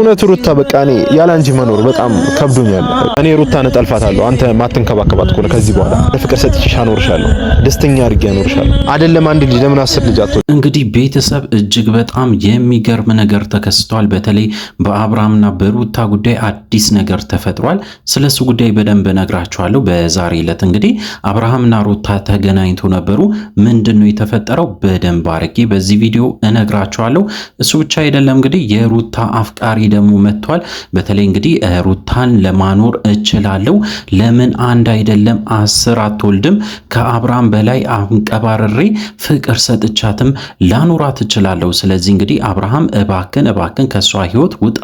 እውነት ሩታ በቃ እኔ ያለ አንቺ መኖር በጣም ከብዶኛል። እኔ ሩታን እጠልፋታለሁ። አንተ ማትንከባከባት ከሆነ ከዚህ በኋላ ለፍቅር ሰጥቼሽ አኖርሻለሁ፣ ደስተኛ አድርጌ አኖርሻለሁ። አይደለም አንድ ልጅ ለምን አስር ልጅ አትወልድ? እንግዲህ ቤተሰብ እጅግ በጣም የሚገርም ነገር ተከስቷል። በተለይ በአብርሃምና በሩታ ጉዳይ አዲስ ነገር ተፈጥሯል። ስለሱ ጉዳይ በደንብ እነግራችኋለሁ። በዛሬ ዕለት እንግዲህ አብርሃምና ሩታ ተገናኝቶ ነበሩ። ምንድን ነው የተፈጠረው? በደንብ አድርጌ በዚህ ቪዲዮ እነግራችኋለሁ። እሱ ብቻ አይደለም እንግዲህ የሩታ አፍቃሪ ደግሞ መጥቷል። በተለይ እንግዲህ ሩታን ለማኖር እችላለሁ። ለምን አንድ አይደለም አስር አትወልድም? ከአብርሃም በላይ አሁን ፍቅር ሰጥቻትም ላኖራት እችላለሁ። ስለዚህ እንግዲህ አብርሃም እባክን እባክን ከእሷ ህይወት ውጣ፣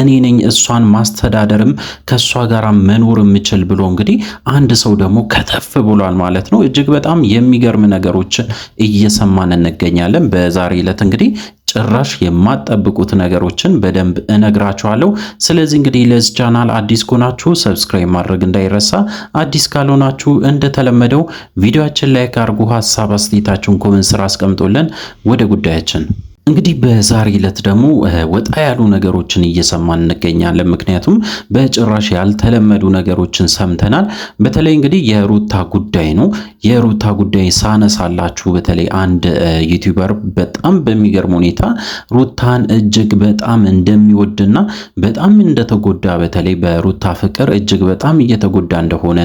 እኔ ነኝ እሷን ማስተዳደርም ከእሷ ጋር መኖር የምችል ብሎ እንግዲህ አንድ ሰው ደግሞ ከተፍ ብሏል ማለት ነው። እጅግ በጣም የሚገርም ነገሮችን እየሰማን እንገኛለን። በዛሬ ዕለት እንግዲህ ጭራሽ የማትጠብቁት ነገሮችን በደንብ እነግራችኋለሁ። ስለዚህ እንግዲህ ለዚህ ቻናል አዲስ ከሆናችሁ ሰብስክራይብ ማድረግ እንዳይረሳ፣ አዲስ ካልሆናችሁ እንደተለመደው ቪዲዮችን ላይ ካርጉ ሀሳብ አስተያየታችሁን ኮመንት ስራ አስቀምጦልን ወደ ጉዳያችን እንግዲህ በዛሬ ዕለት ደግሞ ወጣ ያሉ ነገሮችን እየሰማን እንገኛለን። ምክንያቱም በጭራሽ ያልተለመዱ ነገሮችን ሰምተናል። በተለይ እንግዲህ የሩታ ጉዳይ ነው። የሩታ ጉዳይ ሳነሳላችሁ በተለይ አንድ ዩቲዩበር በጣም በሚገርም ሁኔታ ሩታን እጅግ በጣም እንደሚወድና በጣም እንደተጎዳ በተለይ በሩታ ፍቅር እጅግ በጣም እየተጎዳ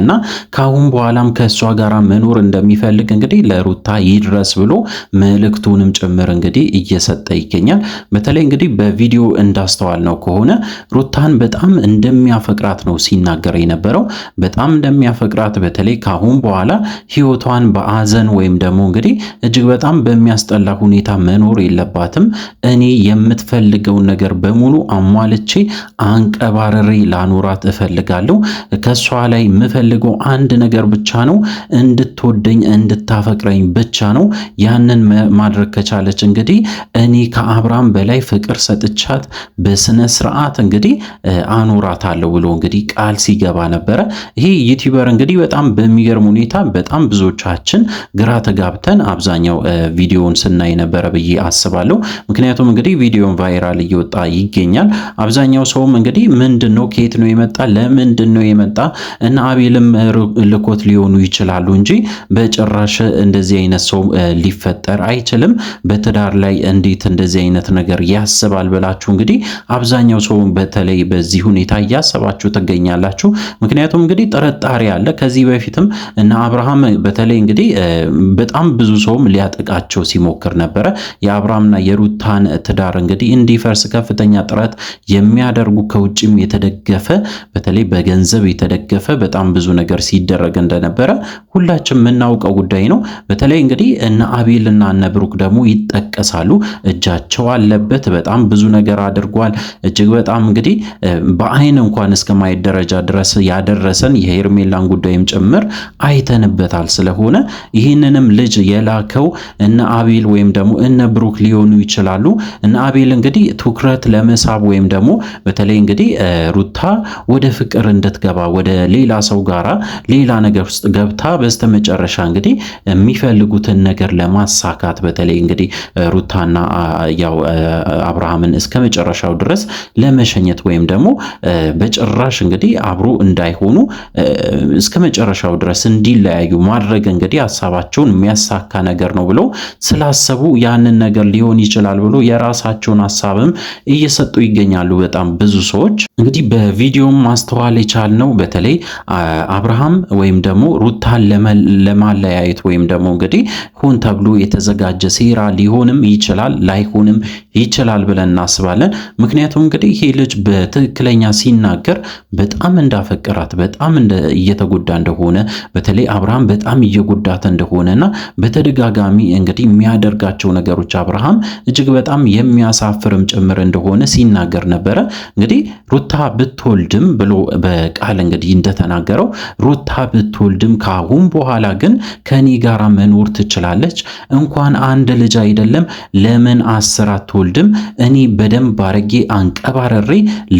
እና ከአሁን በኋላም ከእሷ ጋር መኖር እንደሚፈልግ እንግዲህ ለሩታ ይድረስ ብሎ መልእክቱንም ጭምር እንግዲህ እየተሰጠ ይገኛል። በተለይ እንግዲህ በቪዲዮ እንዳስተዋል ነው ከሆነ ሩታን በጣም እንደሚያፈቅራት ነው ሲናገር የነበረው። በጣም እንደሚያፈቅራት በተለይ ካሁን በኋላ ህይወቷን በአዘን ወይም ደግሞ እንግዲህ እጅግ በጣም በሚያስጠላ ሁኔታ መኖር የለባትም። እኔ የምትፈልገውን ነገር በሙሉ አሟልቼ አንቀባረሬ ላኖራት እፈልጋለሁ። ከሷ ላይ የምፈልገው አንድ ነገር ብቻ ነው፣ እንድትወደኝ እንድታፈቅረኝ ብቻ ነው። ያንን ማድረግ ከቻለች እንግዲህ እኔ ከአብርሃም በላይ ፍቅር ሰጥቻት በስነ ስርዓት እንግዲህ አኖራታለሁ ብሎ እንግዲህ ቃል ሲገባ ነበረ። ይሄ ዩቲዩበር እንግዲህ በጣም በሚገርም ሁኔታ በጣም ብዙዎቻችን ግራ ተጋብተን አብዛኛው ቪዲዮውን ስናይ ነበረ ብዬ አስባለሁ። ምክንያቱም እንግዲህ ቪዲዮን ቫይራል እየወጣ ይገኛል። አብዛኛው ሰውም እንግዲህ ምንድን ነው ከየት ነው የመጣ ለምንድን ነው የመጣ እና አቤልም ልኮት ሊሆኑ ይችላሉ እንጂ በጭራሽ እንደዚህ አይነት ሰው ሊፈጠር አይችልም በትዳር ላይ እንዲ እንዴት እንደዚህ አይነት ነገር ያስባል ብላችሁ እንግዲህ አብዛኛው ሰው በተለይ በዚህ ሁኔታ እያሰባችሁ ትገኛላችሁ። ምክንያቱም እንግዲህ ጥርጣሬ አለ። ከዚህ በፊትም እና አብርሃም በተለይ እንግዲህ በጣም ብዙ ሰውም ሊያጠቃቸው ሲሞክር ነበረ። የአብርሃምና የሩታን ትዳር እንግዲህ እንዲፈርስ ከፍተኛ ጥረት የሚያደርጉ ከውጭም የተደገፈ በተለይ በገንዘብ የተደገፈ በጣም ብዙ ነገር ሲደረግ እንደነበረ ሁላችንም የምናውቀው ጉዳይ ነው። በተለይ እንግዲህ እነ አቤልና እነ ብሩክ ደግሞ ይጠቀሳሉ። እጃቸው አለበት። በጣም ብዙ ነገር አድርጓል። እጅግ በጣም እንግዲህ በአይን እንኳን እስከ ማየት ደረጃ ድረስ ያደረሰን የሄርሜላን ጉዳይም ጭምር አይተንበታል። ስለሆነ ይህንንም ልጅ የላከው እነ አቤል ወይም ደግሞ እነ ብሩክ ሊሆኑ ይችላሉ። እነ አቤል እንግዲህ ትኩረት ለመሳብ ወይም ደግሞ በተለይ እንግዲህ ሩታ ወደ ፍቅር እንድትገባ ወደ ሌላ ሰው ጋራ ሌላ ነገር ውስጥ ገብታ በስተመጨረሻ እንግዲህ የሚፈልጉትን ነገር ለማሳካት በተለይ እንግዲህ ሩታና ያው አብርሃምን እስከ መጨረሻው ድረስ ለመሸኘት ወይም ደግሞ በጭራሽ እንግዲህ አብሮ እንዳይሆኑ እስከ መጨረሻው ድረስ እንዲለያዩ ማድረግ እንግዲህ ሀሳባቸውን የሚያሳካ ነገር ነው ብለው ስላሰቡ ያንን ነገር ሊሆን ይችላል ብሎ የራሳቸውን ሀሳብም እየሰጡ ይገኛሉ። በጣም ብዙ ሰዎች እንግዲህ በቪዲዮም ማስተዋል የቻልነው በተለይ አብርሃም ወይም ደግሞ ሩታን ለማለያየት ወይም ደግሞ እንግዲህ ሆን ተብሎ የተዘጋጀ ሴራ ሊሆንም ይችላል ላይሆንም ይችላል ብለን እናስባለን። ምክንያቱም እንግዲህ ይሄ ልጅ በትክክለኛ ሲናገር በጣም እንዳፈቀራት በጣም እየተጎዳ እንደሆነ በተለይ አብርሃም በጣም እየጎዳት እንደሆነና በተደጋጋሚ እንግዲህ የሚያደርጋቸው ነገሮች አብርሃም እጅግ በጣም የሚያሳፍርም ጭምር እንደሆነ ሲናገር ነበረ። እንግዲህ ሩታ ብትወልድም ብሎ በቃል እንግዲህ እንደተናገረው ሩታ ብትወልድም ካሁን በኋላ ግን ከኔ ጋራ መኖር ትችላለች። እንኳን አንድ ልጅ አይደለም ለምን ለምን አስር አትወልድም? እኔ በደንብ አርጌ አንቀባረሬ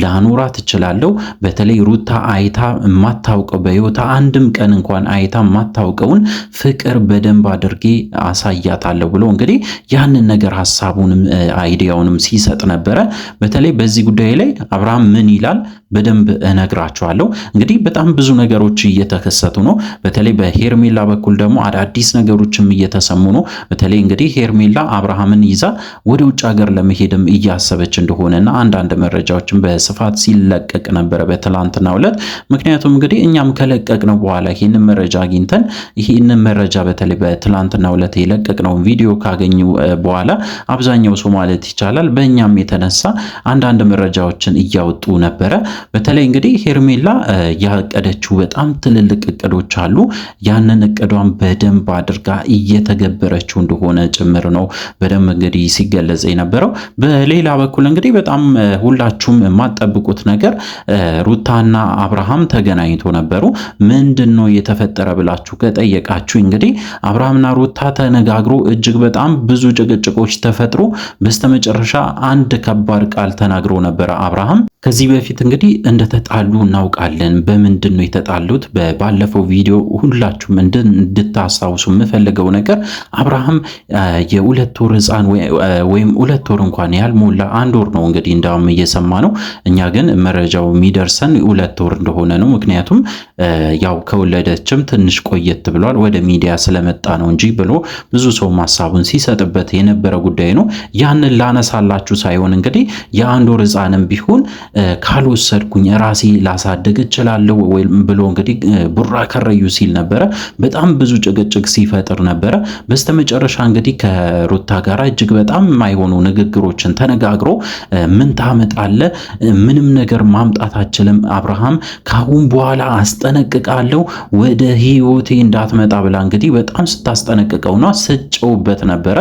ላኖራት እችላለሁ። በተለይ ሩታ አይታ የማታውቀው በሕይወታ አንድም ቀን እንኳን አይታ የማታውቀውን ፍቅር በደንብ አድርጌ አሳያታለሁ ብሎ እንግዲህ ያንን ነገር ሀሳቡንም አይዲያውንም ሲሰጥ ነበረ። በተለይ በዚህ ጉዳይ ላይ አብርሃም ምን ይላል በደንብ እነግራቸዋለሁ። እንግዲህ በጣም ብዙ ነገሮች እየተከሰቱ ነው። በተለይ በሄርሜላ በኩል ደግሞ አዳዲስ ነገሮችም እየተሰሙ ነው። በተለይ እንግዲህ ሄርሜላ አብርሃምን ይዛ ወደ ውጭ ሀገር ለመሄድም እያሰበች እንደሆነና አንዳንድ መረጃዎችን በስፋት ሲለቀቅ ነበረ በትላንትና ዕለት። ምክንያቱም እንግዲህ እኛም ከለቀቅነው በኋላ ይህንን መረጃ አግኝተን ይህንን መረጃ በተለይ በትላንትና ዕለት የለቀቅነውን ቪዲዮ ካገኙ በኋላ አብዛኛው ሰው ማለት ይቻላል በእኛም የተነሳ አንዳንድ መረጃዎችን እያወጡ ነበረ። በተለይ እንግዲህ ሄርሜላ ያቀደችው በጣም ትልልቅ እቅዶች አሉ። ያንን እቅዷን በደንብ አድርጋ እየተገበረችው እንደሆነ ጭምር ነው በደንብ እንግዲህ እንግዲህ ሲገለጽ የነበረው። በሌላ በኩል እንግዲህ በጣም ሁላችሁም የማጠብቁት ነገር ሩታና አብርሃም ተገናኝቶ ነበሩ። ምንድን ነው የተፈጠረ ብላችሁ ከጠየቃችሁ እንግዲህ አብርሃምና ሩታ ተነጋግሮ እጅግ በጣም ብዙ ጭቅጭቆች ተፈጥሮ በስተመጨረሻ አንድ ከባድ ቃል ተናግሮ ነበረ አብርሃም ከዚህ በፊት እንግዲህ እንደተጣሉ እናውቃለን። በምንድን ነው የተጣሉት? ባለፈው ቪዲዮ ሁላችሁም እንድታስታውሱ የምፈልገው ነገር አብርሃም የሁለት ወር ሕፃን ወይም ሁለት ወር እንኳን ያልሞላ አንድ ወር ነው እንግዲህ እንዳውም እየሰማ ነው። እኛ ግን መረጃው የሚደርሰን ሁለት ወር እንደሆነ ነው። ምክንያቱም ያው ከወለደችም ትንሽ ቆየት ብሏል ወደ ሚዲያ ስለመጣ ነው እንጂ ብሎ ብዙ ሰው ሀሳቡን ሲሰጥበት የነበረ ጉዳይ ነው። ያንን ላነሳላችሁ ሳይሆን እንግዲህ የአንድ ወር ሕፃንም ቢሆን ካልወሰድኩኝ ራሴ ላሳደግ እችላለሁ ወይም ብሎ እንግዲህ ቡራ ከረዩ ሲል ነበረ። በጣም ብዙ ጭቅጭቅ ሲፈጥር ነበረ። በስተመጨረሻ እንግዲህ ከሩታ ጋር እጅግ በጣም የማይሆኑ ንግግሮችን ተነጋግሮ ምን ታመጣለ? ምንም ነገር ማምጣት አችልም። አብርሃም ካሁን በኋላ አስጠነቅቃለሁ ወደ ህይወቴ እንዳትመጣ ብላ እንግዲህ በጣም ስታስጠነቅቀውና ስጨውበት ነበረ።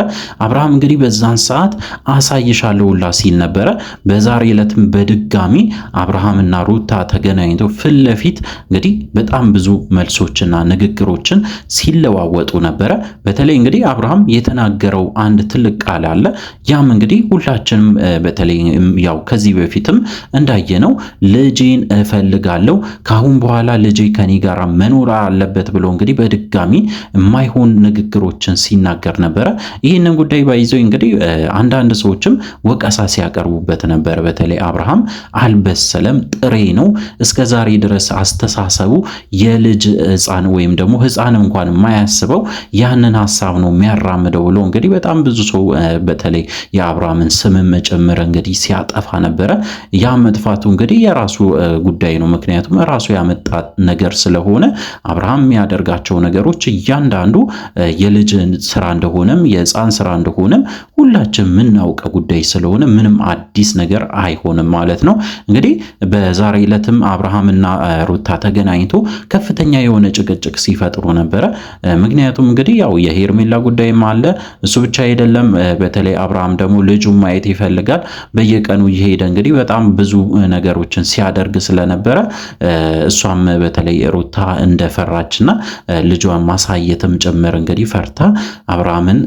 አብርሃም እንግዲህ በዛን ሰዓት አሳይሻለሁላ ሲል ነበረ። በዛሬ ዕለትም በድጋ አጋጣሚ አብርሃምና ሩታ ተገናኝተው ፊት ለፊት እንግዲህ በጣም ብዙ መልሶችና ንግግሮችን ሲለዋወጡ ነበረ። በተለይ እንግዲህ አብርሃም የተናገረው አንድ ትልቅ ቃል አለ። ያም እንግዲህ ሁላችንም በተለይ ያው ከዚህ በፊትም እንዳየነው ልጄን እፈልጋለሁ፣ ከአሁን በኋላ ልጄ ከኔ ጋር መኖር አለበት ብሎ እንግዲህ በድጋሚ የማይሆን ንግግሮችን ሲናገር ነበረ። ይህንን ጉዳይ ባይዘው እንግዲህ አንዳንድ ሰዎችም ወቀሳ ሲያቀርቡበት ነበረ። በተለይ አብርሃም አልበሰለም፣ ጥሬ ነው። እስከ ዛሬ ድረስ አስተሳሰቡ የልጅ ህፃን ወይም ደግሞ ህፃን እንኳን የማያስበው ያንን ሀሳብ ነው የሚያራምደው ብሎ እንግዲህ በጣም ብዙ ሰው በተለይ የአብርሃምን ስምን መጨመር እንግዲህ ሲያጠፋ ነበረ። ያ መጥፋቱ እንግዲህ የራሱ ጉዳይ ነው። ምክንያቱም ራሱ ያመጣ ነገር ስለሆነ አብርሃም የሚያደርጋቸው ነገሮች እያንዳንዱ የልጅ ስራ እንደሆነም የህፃን ስራ እንደሆነም ሁላችን የምናውቀው ጉዳይ ስለሆነ ምንም አዲስ ነገር አይሆንም ማለት ነው። እንግዲህ በዛሬ ዕለትም አብርሃምና ሩታ ተገናኝቶ ከፍተኛ የሆነ ጭቅጭቅ ሲፈጥሩ ነበረ። ምክንያቱም እንግዲህ ያው የሄርሜላ ጉዳይም አለ፣ እሱ ብቻ አይደለም። በተለይ አብርሃም ደግሞ ልጁ ማየት ይፈልጋል። በየቀኑ እየሄደ እንግዲህ በጣም ብዙ ነገሮችን ሲያደርግ ስለነበረ እሷም በተለይ ሩታ እንደፈራችና ልጇን ማሳየትም ጭምር እንግዲህ ፈርታ አብርሃምን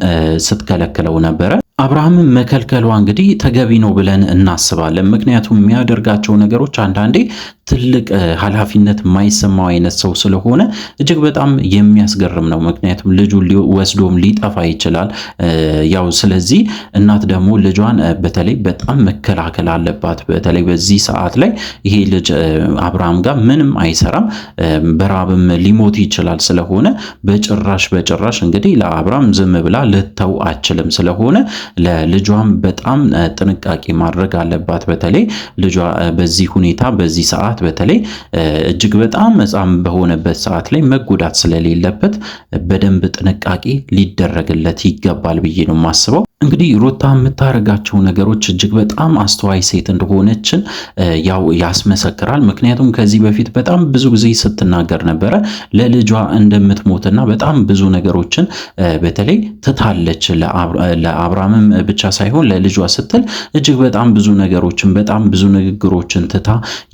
ስትከለክለው ነበረ። አብርሃምን መከልከሏ እንግዲህ ተገቢ ነው ብለን እናስባለን። ምክንያቱም የሚያደርጋቸው ነገሮች አንዳንዴ ትልቅ ኃላፊነት የማይሰማው አይነት ሰው ስለሆነ እጅግ በጣም የሚያስገርም ነው። ምክንያቱም ልጁ ወስዶም ሊጠፋ ይችላል። ያው ስለዚህ እናት ደግሞ ልጇን በተለይ በጣም መከላከል አለባት። በተለይ በዚህ ሰዓት ላይ ይሄ ልጅ አብርሃም ጋር ምንም አይሰራም፣ በራብም ሊሞት ይችላል። ስለሆነ በጭራሽ በጭራሽ እንግዲህ ለአብርሃም ዝም ብላ ልተው አችልም። ስለሆነ ለልጇም በጣም ጥንቃቄ ማድረግ አለባት። በተለይ ልጇ በዚህ ሁኔታ በዚህ ሰዓት በተለይ እጅግ በጣም ሕፃን በሆነበት ሰዓት ላይ መጎዳት ስለሌለበት በደንብ ጥንቃቄ ሊደረግለት ይገባል ብዬ ነው የማስበው። እንግዲህ ሩታ የምታደርጋቸው ነገሮች እጅግ በጣም አስተዋይ ሴት እንደሆነችን ያው ያስመሰክራል። ምክንያቱም ከዚህ በፊት በጣም ብዙ ጊዜ ስትናገር ነበረ ለልጇ እንደምትሞትና በጣም ብዙ ነገሮችን በተለይ ትታለች። ለአብርሃምም ብቻ ሳይሆን ለልጇ ስትል እጅግ በጣም ብዙ ነገሮችን በጣም ብዙ ንግግሮችን ትታ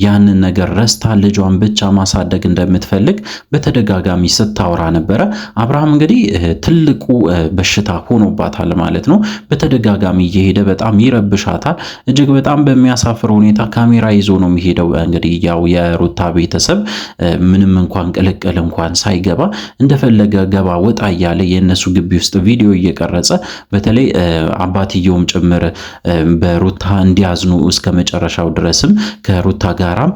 ያንን ነገር ረስታ ልጇን ብቻ ማሳደግ እንደምትፈልግ በተደጋጋሚ ስታወራ ነበረ። አብርሃም እንግዲህ ትልቁ በሽታ ሆኖባታል ማለት ነው። በተደጋጋሚ እየሄደ በጣም ይረብሻታል። እጅግ በጣም በሚያሳፍር ሁኔታ ካሜራ ይዞ ነው የሚሄደው። እንግዲህ ያው የሩታ ቤተሰብ ምንም እንኳን ቅልቅል እንኳን ሳይገባ እንደፈለገ ገባ ወጣ እያለ የእነሱ ግቢ ውስጥ ቪዲዮ እየቀረጸ በተለይ አባትየውም ጭምር በሩታ እንዲያዝኑ እስከ መጨረሻው ድረስም ከሩታ ጋራም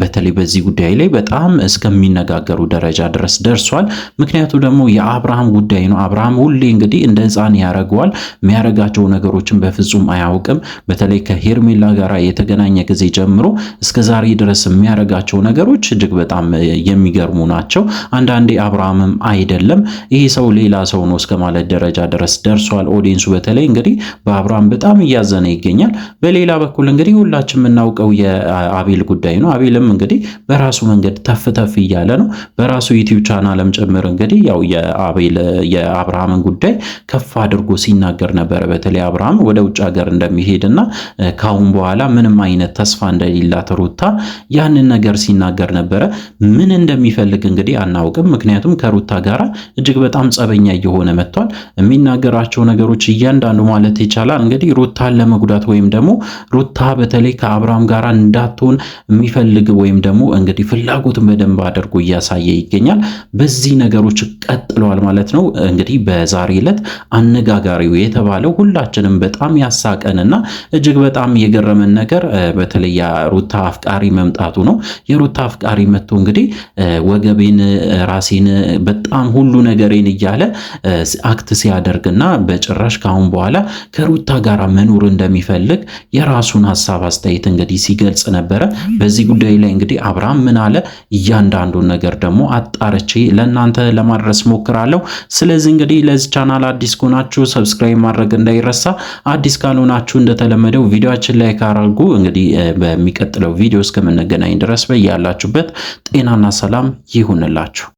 በተለይ በዚህ ጉዳይ ላይ በጣም እስከሚነጋገሩ ደረጃ ድረስ ደርሷል። ምክንያቱ ደግሞ የአብርሃም ጉዳይ ነው። አብርሃም ሁሌ እንግዲህ እንደ ህፃን ያደርገዋል። የሚያደርጋቸው ነገሮችን በፍጹም አያውቅም። በተለይ ከሄርሜላ ጋር የተገናኘ ጊዜ ጀምሮ እስከ ዛሬ ድረስ የሚያደርጋቸው ነገሮች እጅግ በጣም የሚገርሙ ናቸው። አንዳንዴ አብርሃምም አይደለም ይህ ሰው ሌላ ሰው ነው እስከ ማለት ደረጃ ድረስ ደርሷል። ኦዲንሱ በተለይ እንግዲህ በአብርሃም በጣም እያዘነ ይገኛል። በሌላ በኩል እንግዲህ ሁላችን የምናውቀው የአቤል ጉዳይ ላይ ነው። አቤልም እንግዲህ በራሱ መንገድ ተፍ ተፍ እያለ ነው። በራሱ ዩቲዩብ ቻናልም ጭምር እንግዲህ ያው የአቤል የአብርሃምን ጉዳይ ከፍ አድርጎ ሲናገር ነበረ። በተለይ አብርሃም ወደ ውጭ ሀገር እንደሚሄድና ካሁን በኋላ ምንም አይነት ተስፋ እንደሌላት ሩታ ያንን ነገር ሲናገር ነበረ። ምን እንደሚፈልግ እንግዲህ አናውቅም። ምክንያቱም ከሩታ ጋራ እጅግ በጣም ጸበኛ እየሆነ መጥቷል። የሚናገራቸው ነገሮች እያንዳንዱ ማለት ይቻላል እንግዲህ ሩታን ለመጉዳት ወይም ደግሞ ሩታ በተለይ ከአብርሃም ጋራ እንዳትሆን የሚፈልግ ወይም ደግሞ እንግዲህ ፍላጎትን በደንብ አድርጎ እያሳየ ይገኛል። በዚህ ነገሮች ቀጥለዋል ማለት ነው። እንግዲህ በዛሬ ዕለት አነጋጋሪው የተባለው ሁላችንም በጣም ያሳቀንና እጅግ በጣም የገረመን ነገር በተለይ የሩታ አፍቃሪ መምጣቱ ነው። የሩታ አፍቃሪ መጥቶ እንግዲህ ወገቤን፣ ራሴን፣ በጣም ሁሉ ነገሬን እያለ አክት ሲያደርግና በጭራሽ ካሁን በኋላ ከሩታ ጋር መኖር እንደሚፈልግ የራሱን ሀሳብ አስተያየት እንግዲህ ሲገልጽ ነበረ። በዚህ ጉዳይ ላይ እንግዲህ አብርሃም ምን አለ? እያንዳንዱን ነገር ደግሞ አጣርቼ ለእናንተ ለማድረስ ሞክራለሁ። ስለዚህ እንግዲህ ለዚህ ቻናል አዲስ ከሆናችሁ ሰብስክራይብ ማድረግ እንዳይረሳ፣ አዲስ ካልሆናችሁ እንደተለመደው ቪዲዮችን ላይ ካረጉ እንግዲህ በሚቀጥለው ቪዲዮ እስከምንገናኝ ድረስ በያላችሁበት ጤናና ሰላም ይሁንላችሁ።